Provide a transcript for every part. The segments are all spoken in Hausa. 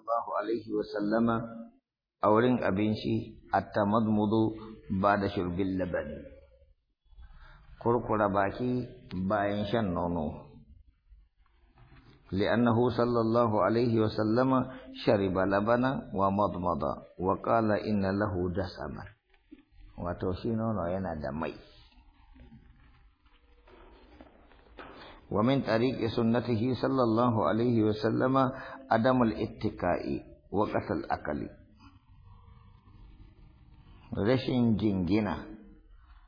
sallallahu alaihi wasallama a wurin abinci at-tamadmudu ba da shurbil labani kurkura baki bayan shan nono لأنه صلى الله عليه وسلم شرب لبنا ومضمض وقال إن له دسما وتوشينون وينا دمي ومن طريق سنته صلى الله عليه وسلم عدم الاتكاء وقت الأكل rashin jingina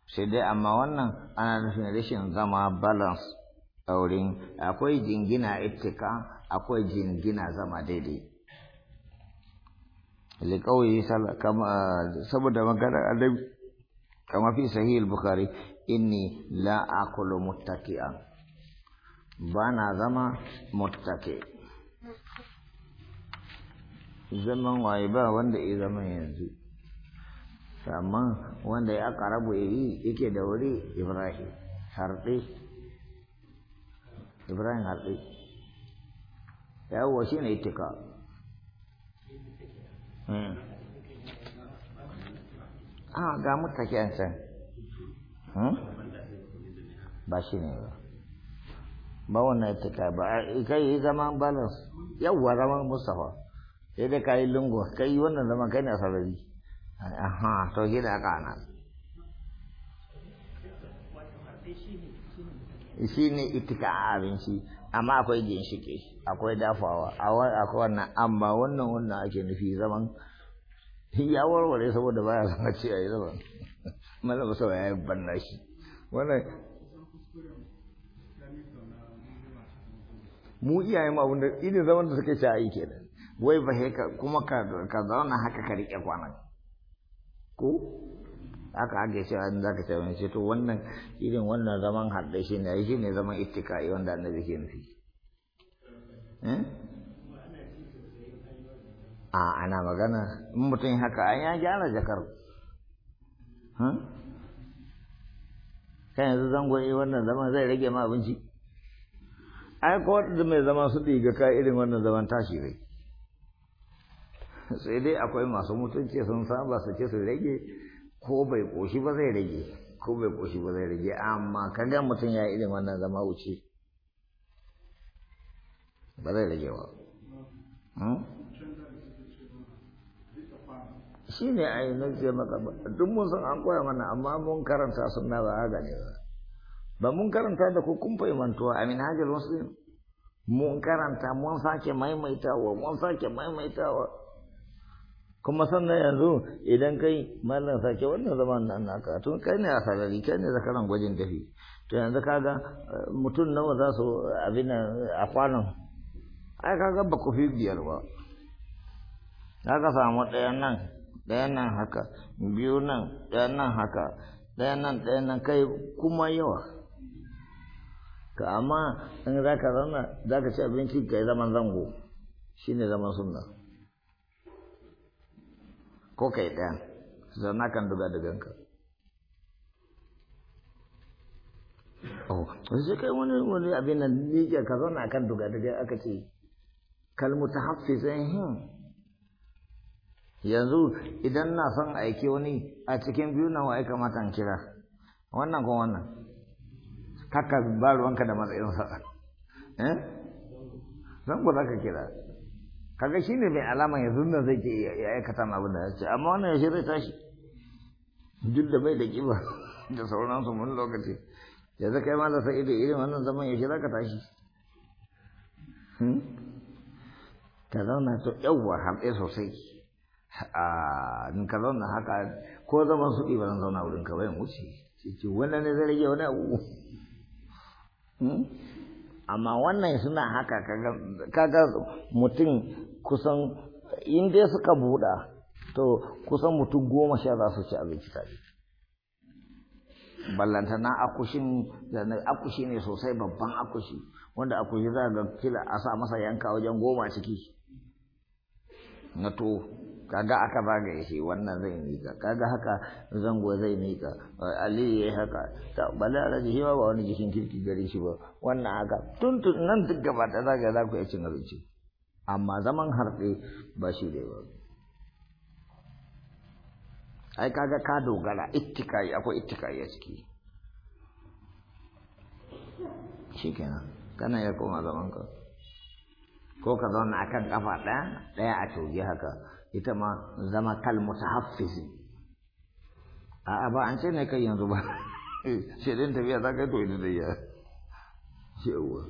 sai dai amma wannan ana nufin rashin zama balance ɗaurin akwai jingina ittika akwai jingina zama daidai liƙauyi saboda maganar annabi kama fi sahih bukhari inni la akulu muttaqi'an bana zama mutake, zaman waye ba wanda ya zama yanzu amma wanda ya karabu yi yake da wuri ibrahim harɗe ibrahim harɗe yawo shi ne tika hmm. a ah, ga mutake an san hmm? ba shi ne ba ba wannan tika ba kai yi zaman balance yawwa zaman mustafa sai dai ka yi lungo ka yi wannan zaman kai ne sarari aha to shi da aka ana shi ne itika a abinci amma akwai ginshike akwai dafawa akwai wannan amma wannan wannan ake nufi zaman ya warware saboda baya zama ce a yi zaman malama sau ya yi banna shi wannan mu iyayen abin da irin zaman da suka shayi kenan wai ba he ka kuma ka ka zauna haka ka rike kwanan ko haka ake cewa in zaka ce wani to wannan irin wannan zaman hadda shi ne shi ne zaman ittikai wanda annabi ke nufi eh a ana magana in mutum haka an ya gyara jakar kan yanzu zangon yi wannan zaman zai rage ma abinci ai ko da mai zama su ɗiga ka irin wannan zaman tashi rai sai dai akwai masu mutunci sun saba su ce su rage ko bai koshi ba zai rage ko bai koshi ba zai rage amma ka ga mutum ya irin wannan zama wuce ba zai rage ba hmm? shi ne a yi nace maka duk mun san an koya mana amma mun karanta suna ba a gane ba ba mun karanta da ku kun fahimtuwa a minhajul muslim mun karanta mun sake maimaitawa mun sake maimaitawa kuma sannan yanzu idan kai mallan sake wannan zaman nan naka tun kai ne a sarari kai ne zakaran gwajin dafi to yanzu kaga eh, mutum nawa za su abin a kwanan ai kaga ba ku fi biyar ba za ka samu ɗayan nan ɗaya nan haka biyu nan ɗaya nan haka ɗaya nan ɗaya nan kai kuma yawa ka amma in za ka zama za ka ci abinci ka yi zaman zango shi ne zaman suna ko kai ɗaya zana kan duga duganka oh, sai kai wani wani abin nan ne ka zana kan duga duga aka ce kalmu ta hafi zai hin hmm. yanzu idan na son aiki wani a cikin biyu na wa aika matan kira wannan ko wannan haka ba ruwanka da matsayin eh zan ku zaka ka kira kaga shi ne mai alama yanzu nan zai ya aikata ma abin da ya ce amma wannan ya zai tashi duk da bai da kiba da sauransu mun lokaci yanzu kai ma da sai da irin wannan zaman ya shirya ka tashi hmm? ka zauna to yawwa hamɗe sosai in ka zauna haka ko zaman su ɗi ba zan zauna wurin ka bayan wuce ciki wannan ne zai rage wani abu hmm? amma wannan suna haka kaga mutum kusan in dai suka buɗa to kusan mutum goma sha za su ci abinci tare ballanta na akushin akushi ne sosai babban akushi wanda akushi za ga kila a sa masa yanka wajen goma ciki na to kaga aka bagaye shi wannan zai mika kaga haka zango zai mika ali ya haka ta balala ji shi ba wani jikin kirki gari shi ba wannan haka tuntun nan duk gaba ta zaga za ku iya cin abinci amma zaman harfe ba shi da ba ai kaga ka dogara ittikai akwai ittikai a ciki shikenan kana ya koma zaman ka ko ka zauna akan kafa ɗaya ɗaya a coge haka ita ma zama kalmutahaffizi a ah, ba an ce ne kai yanzu ba eh, shirin tafiya za ka to ina da ya yawa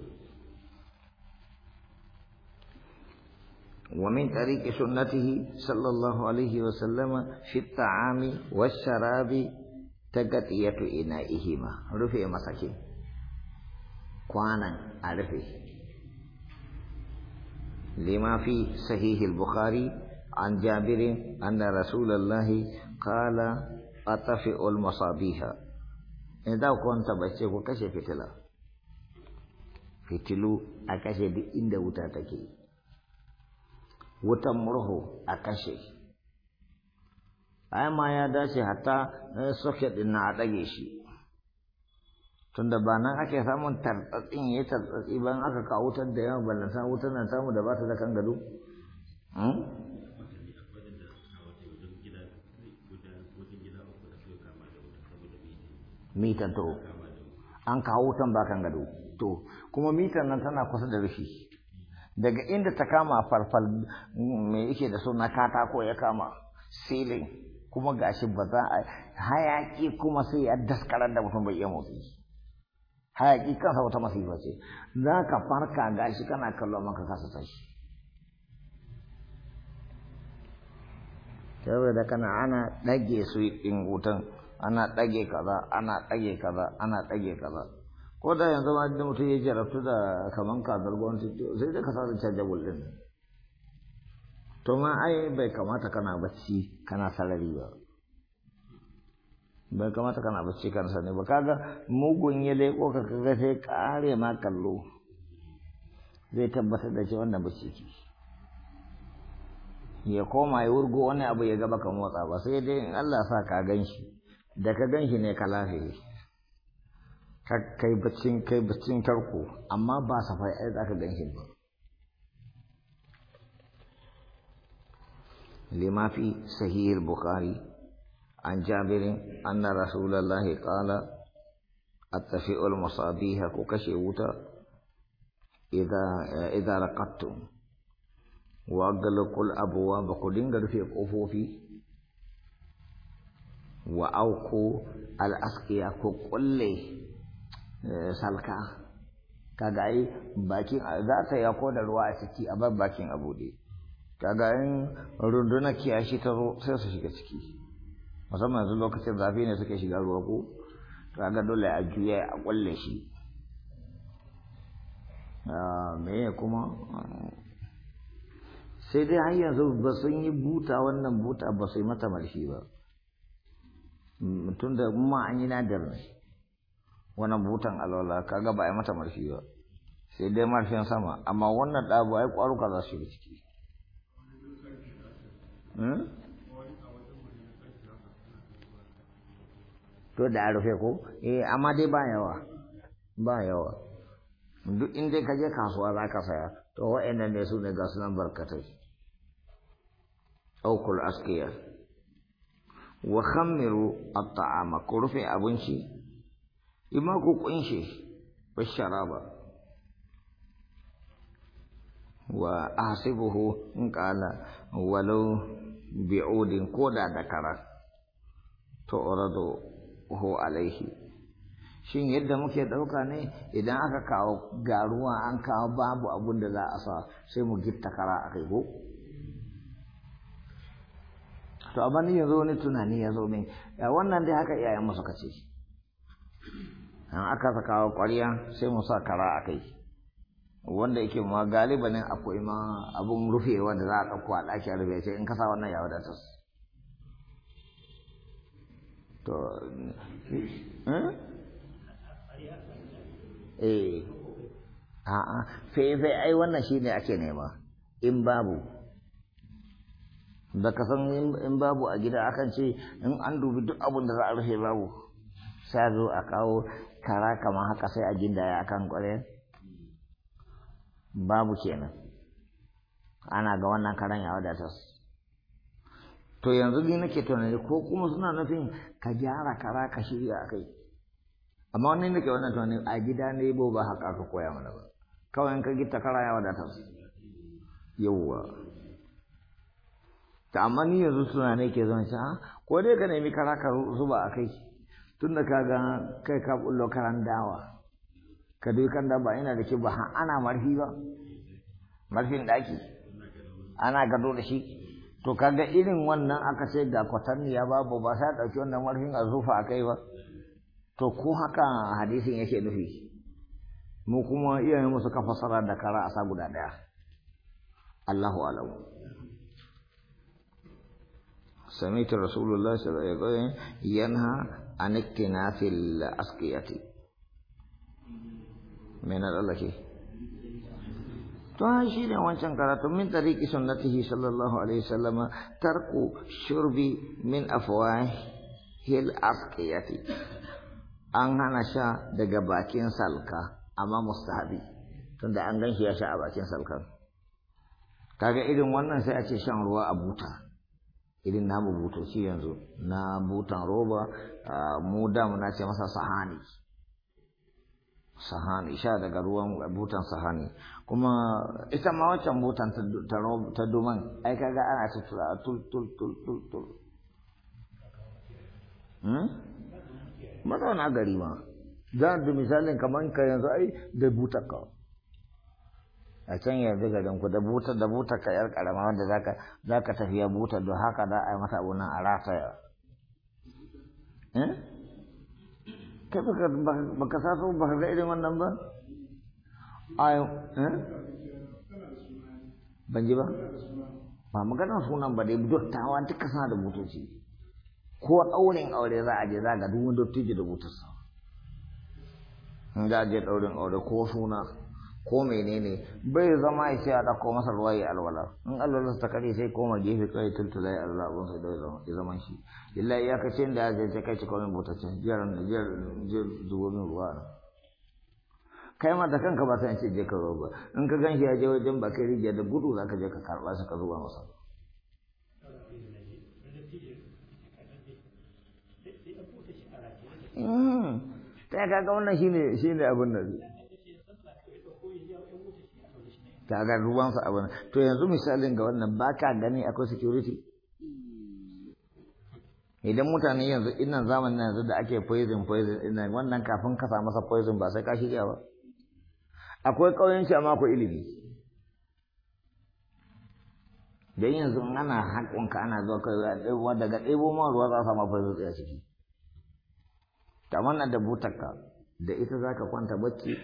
ومن طريق سنته صلى الله عليه وسلم في الطعام والشراب تغطية إنائهما رفع مساكين قوانا عرفه لما في صحيح البخاري عن جابر أن رسول الله قال أطفئ المصابيح إذا كنت بشيك كشي فتلا فتلو أكشي دي بإند وتاتكي وتمره أكشي أما يداشي حتى سكت إن أتجيشي tunda ba nan ake samun tartsatsin ya tartsatsi ban aka kawo wutar da yawa ballansa wutar nan samu da ba ta da kan gado mitan to an kawo wutan bakan gado to kuma mitan nan tana kusa da rufi daga inda ta kama farfal mm, me yake da suna katako ya kama ceiling kuma gashi ba za a hayaki kuma sai ya daskarar da mutum bai iya motsi hayaki kansa wata masifa ce za ka farka gashi kana kallo maka kasa tashi saboda kana ana dage su yin wutan ana ɗage kaza ana ɗage kaza ana ɗage kaza ko da yanzu ma da mutum ya jarabtu da kaman kazar gwamnati sai da ka sa da canja ɗin to ma ai bai kamata kana bacci kana sarari ba bai kamata kana bacci kana sarari ba kaga mugun ya leƙo ka kaga sai kare ma kallo zai tabbatar da shi wannan bacci ke ya koma ya wurgo wani abu ya gaba ka motsa ba sai dai in Allah sa ka gan shi da ka gan shi ne ka lafiye ka kai baccin kai baccin karku amma ba safai ai gan shi Limafi, lima bukhari an jabir anna rasulullah qala at al-musabiha ku kashe wuta idha idha raqattum wa aghlaqul ba ku dinga rufe kofofi wa auku al'askiya ko kulle eh, salka kaga ai bakin za ta ya ko da ruwa a ciki a bar bakin a bude kaga in rundunar kiyashi ta zo sai su shiga ciki musamman yanzu lokacin zafi ne suke shiga ruwa ko kaga dole a juya a kulle shi ah, me kuma sai dai har yanzu ba sun yi buta wannan buta ba su yi mata marshi ba mutum mm, da ma an yi nadar ne wannan butan alwala kaga ba a yi mata marfi ba sai dai marfin sama amma wannan ɗabu ai ƙwaruka za su yi ciki hmm? to da a rufe ko eh amma dai ba yawa ba yawa duk inda ka je kasuwa za ka saya to wa'annan ne su ne ga sunan barkatai aukul askiyar wa khammiru at-ta'ama ku rufe abinci imma ku kunshe wa sharaba wa ahsibuhu in qala walau bi'udin koda da kara to uradu hu alaihi shin yadda muke ɗauka ne idan aka kawo garuwa an kawo babu abun da za a sa sai mu gitta kara a kai ko to a ni yanzu wani tunani ya zo min wannan dai haka iyayen mu suka ce an aka saka ƙwariya sai mu sa kara a kai wanda yake ma galibanin akwai ma abun rufe wanda za a ɗauko a ɗaki a rufe sai in sa wannan ya wadatar to eh, eh. a'a sai sai ai wannan shine ake nema in babu da ka san in babu a gida akan ce in an dubi duk abin da za a rufe babu sai zo a kawo kara kamar haka sai a gindaya akan kware babu kenan ana ga wannan karan ya wadata to yanzu ni nake tunani ko kuma suna nufin ka gyara kara ka shirya a kai amma wani nake wannan tunani a gida ne bo ba haka ka koya mana ba kawai in ka gita kara ya wadata yawwa ta amma ni yanzu suna ne ke zama shi? Ah, ko dai ka nemi kara ka zuba a kai tun da ka ga kai ka bullo karan dawa ka dai kan da ba ina da ke ba ana marfi ba marfin daki ana gado da shi to kaga irin wannan aka ce ga ya babu ba sa ɗauki wannan marfin a zufa a kai ba to ko haka hadisin yake nufi mu kuma iyayen mu suka fassara da kara a sa guda ɗaya Allahu alamu سمعت رسول الله صلى الله عليه وسلم ينهى عن اكتناف الأسقية to shi ne wancan karatu min tariki sunnatihi sallallahu alaihi wasallam tarku shurbi min afwahil asqiyati an hana sha daga bakin salka amma mustahabi tunda an gan ya sha a bakin salkan kaga irin wannan sai a shan ruwa a buta irin namu butoci yanzu na butan roba mu da na ce masa sahani sahani sha daga ruwan butan sahani kuma ita ma wancan butan ta domin ai kaga ana tutura tul tul tul tul tul hmm? mazauna gari ma za da misalin kamar ka yanzu ai da butan ka a can yanzu garin ku da butar da butar ka yar karama wanda zaka zaka tafi ya butar don haka za a yi masa abu nan a ya eh kai baka baka saso baka ga irin wannan ba ai eh ban ji ba ba maganar sunan ba dai dottawa duka sana da mutunci ko ɗaurin aure za a je za ga duk wanda dottijo da butarsa in za a je ɗaurin aure ko suna ko menene bai zama ya a dako masa ruwa ya alwala in alwala ta kare sai koma gefe kai tuntula ya alwala ban sai dai ya zama shi illa ya kace da ya je kai ci komai butace jiran jiran jiyar zuwa min ruwa kai ma da kanka ba sai ce je ka roba in ka ganshi ya je wajen ba kai rige da gudu za ka je ka karɓa shi ka zuba masa hmm. ta ga wannan shine shine abin da kagar ruwan sa wani to yanzu misalin ga wannan baka gani akwai security idan mutane yanzu innan zamanin yanzu da ake poison poison ina wannan kafin ka samu masa poison ba sai ka shirya ba akwai ƙauyenci amma ko ilimi don yanzu ana ka ana zuwa kai daga ɗebo ruwa za a samu poison a ciki kamar na da butarka da ita za ka kwanta bacci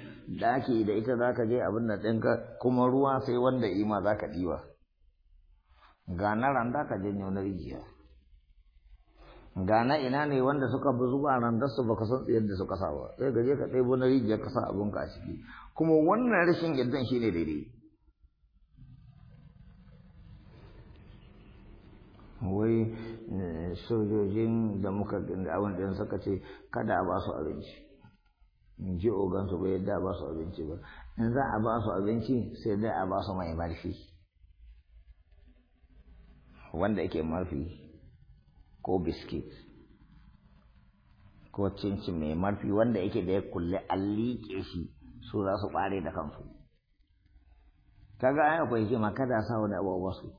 ɗaki da ita za ka je abin da ɗinka kuma ruwa sai wanda ima za ka diwa ga na randa ka janyo na rijiya ga ina ne wanda suka bi zuba randar su baka san tsayar da suka sa ba sai gaje ka ɗebo na rijiya ka sa abin ka a ciki kuma wannan rashin yardan shi ne daidai wai eh, sojojin da muka abin ɗin suka ce kada a ba su abinci in ji ogansu ba bai ba su abinci ba in za a basu abinci sai dai a basu mai marfi wanda yake marfi ko biskit ko cincin mai marfi wanda yake da ya kulle an liƙe shi su za su ɓare da kansu kaga ai akwai hikima kada sa wani abu wasu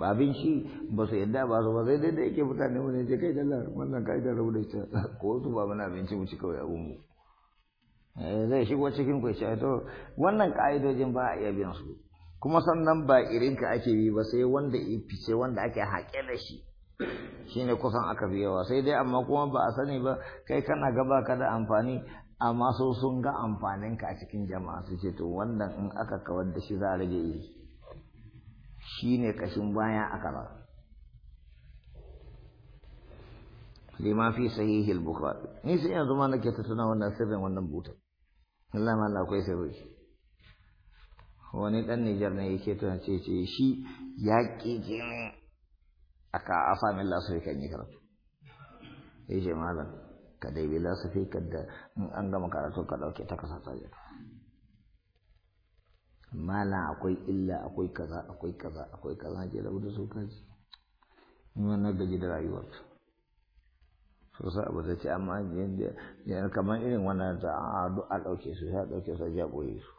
ba abin shi ba su yadda ba su ba sai daidai da ake mutane wani je kai dalar wannan kai da rabu da ita ko su ba mana abinci mu ci kawai a gungu eh, zai shigo cikin ku shi to wannan ka'idojin ba a iya biyan su kuma sannan ba irin ka ake yi ba sai wanda fice wanda ake haƙe da shi shine kusan aka yawa sai dai amma kuma ba a sani ba kai kana gaba ka da amfani amma so sun ga amfaninka a cikin jama'a su ce to wannan in aka kawar da shi za a rage iri Shi ne kashin baya a kaza lima fi sahihi al-bukhari ni sai yanzu ma nake ta tuna wannan sirrin wannan butar Allah ma Allah akwai sirri wani dan Nijar ne yake tuna ce ce shi ya ki ne aka afa min sai kan yi karatu yace malam ka dai bi lasafi kadda in an gama karatu ka dauke ta kasa mala akwai illa akwai kaza akwai kaza akwai kaza ke rabu da su kaji wannan gaji da rayuwar su sa abu zai ce amma kamar irin wannan da a duk a ɗauke su ya ɗauke su ya ɓoye su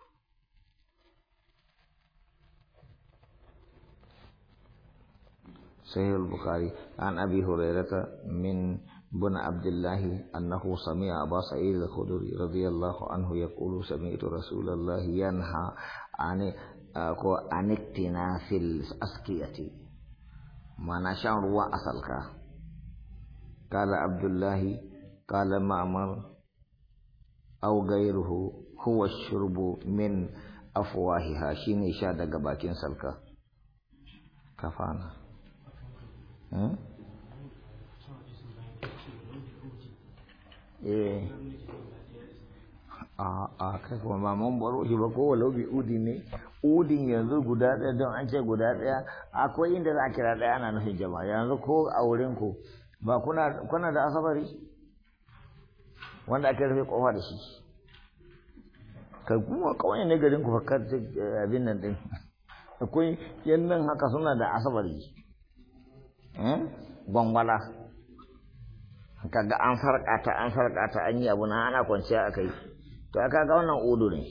sahih al-bukhari an abi hurairata min بن عبد الله أنه سمع أبا سعيد الخدري رضي الله عنه يقول سمعت رسول الله ينهى عن عن اكتناف الأسقية ما نشان روى أسلك قال عبد الله قال معمر أو غيره هو الشرب من أفواهها شيني شاد قباكين سلكا كفانا أه؟ eh a ah, a ah, kai kuma ba mun baro shi ba ko walau bi ne udin yanzu guda ɗaya don an ce guda ɗaya akwai inda za a kira ɗaya ana nufin jama'a yanzu ko a wurin ku ba kuna kuna da asabari wanda aka rufe kofa da shi ka kuma kawai ne garin ku fakar eh, abin nan din akwai yan nan haka suna da asabari eh gwangwala kaga an farka ta an farka ta an yi abu na ana kwanciya a kai to aka ga wannan odo ne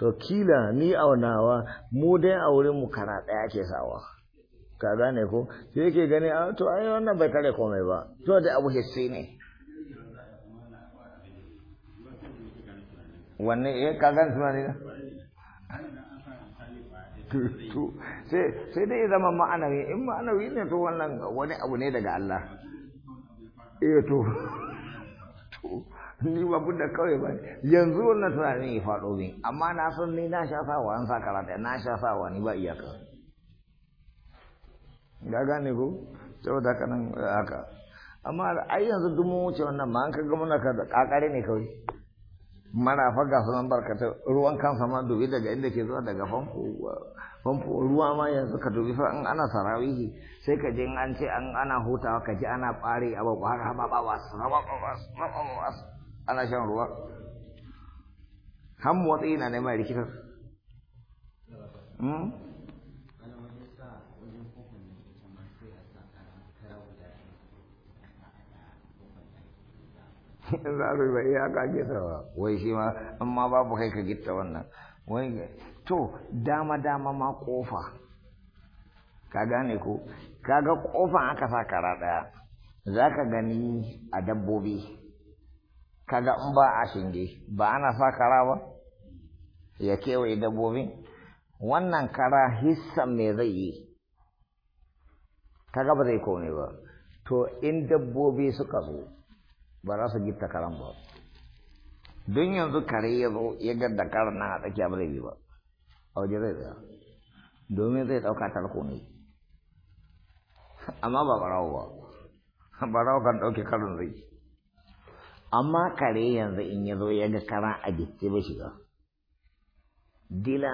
to kila ni aunawa mu dai a wurin mu kana daya ake sawa ka gane ko sai yake gani a ah, to ai wannan bai kare komai ba to da abu hissi ne wanne eh ka gane tunani na to sai sai dai zama ma'anawi in ma'anawi ne to wannan wani abu ne daga Allah eh to ni ba da kawai ba yanzu wannan tunanin ya faɗo min amma na san ni na sha sawa an sa karata na sha sawa ni ba iyaka ga gane ko saboda haka nan haka amma ai yanzu duk wuce wannan ma an ka na muna kakare ne kawai marafa ga sunan barkata ruwan kansa ma dubi daga inda ke zuwa daga famfo famfo ruwa ma yanzu ka dubi fa in ana sarawihi sai ka je an ce an ana hutawa ka ji ana ƙwari a babu har ba wasu ba wasu ba wasu ana shan ruwa han motsi na neman rikitar hmm? za su bai ya kage ba wai shi ma amma babu kai ka gitta wannan wai to dama dama ma kofa ka gane ko kaga kofa aka sa kara daya zaka gani a dabbobi kaga in ba a shinge ba ana sa kara ba ya kewaye dabbobi wannan kara hissan me zai yi kaga ba zai kone ba to in dabbobi suka zo ba za su gita karan ba don yanzu kare ya zo ya gadda karan nan a tsakiya ba zai bi ba a waje zai tsaya domin zai ɗauka tarko ne amma ba ɓarawo ba ɓarawo kan ɗauke karin zai amma kare yanzu in ya zo ya ga karan a gifte ba shiga dila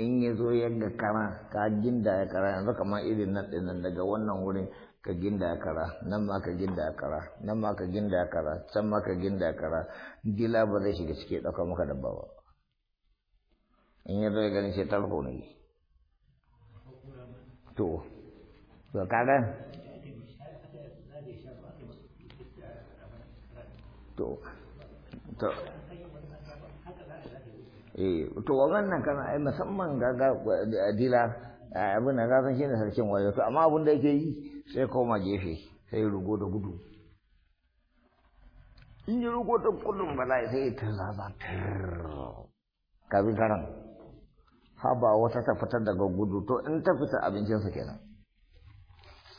in ya zo ya ga kara ka ginda ya kara yanzu kamar irin nan ɗin nan daga wannan wurin ka ginda kara nan ma ka ginda kara nan ma ka ginda kara can ma ka ginda kara gila ba zai shiga cike ɗauka maka dabba ba in ya zai ganin sai ko ne to to kaga to to eh to wannan kana ai musamman ga dila Eh, abin da san shi ne sarkin waje to amma abin da yake yi sai koma gefe sai rugo da gudu in yi rugo da kullum bala'i sai ta zaza kafin karan haba wata ta fitar daga gudu to in ta fita abincinsa kenan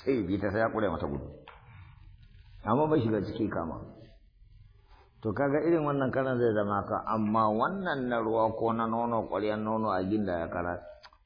sai bi ta sai ya kure mata gudu amma bai shiga ciki kama to kaga irin wannan karan zai zama ka amma wannan na ruwa ko na nono ƙwaryan nono a ginda ya kara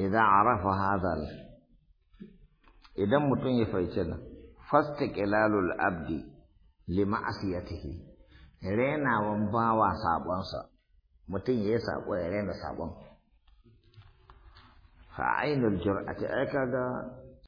idan arafa hadal idan mutum ya faice nan fastiqilalul abdi li ma'asiyatihi renawan bawa sa mutum ya sabo ya rena sabon fa ainul jur'ati ai ga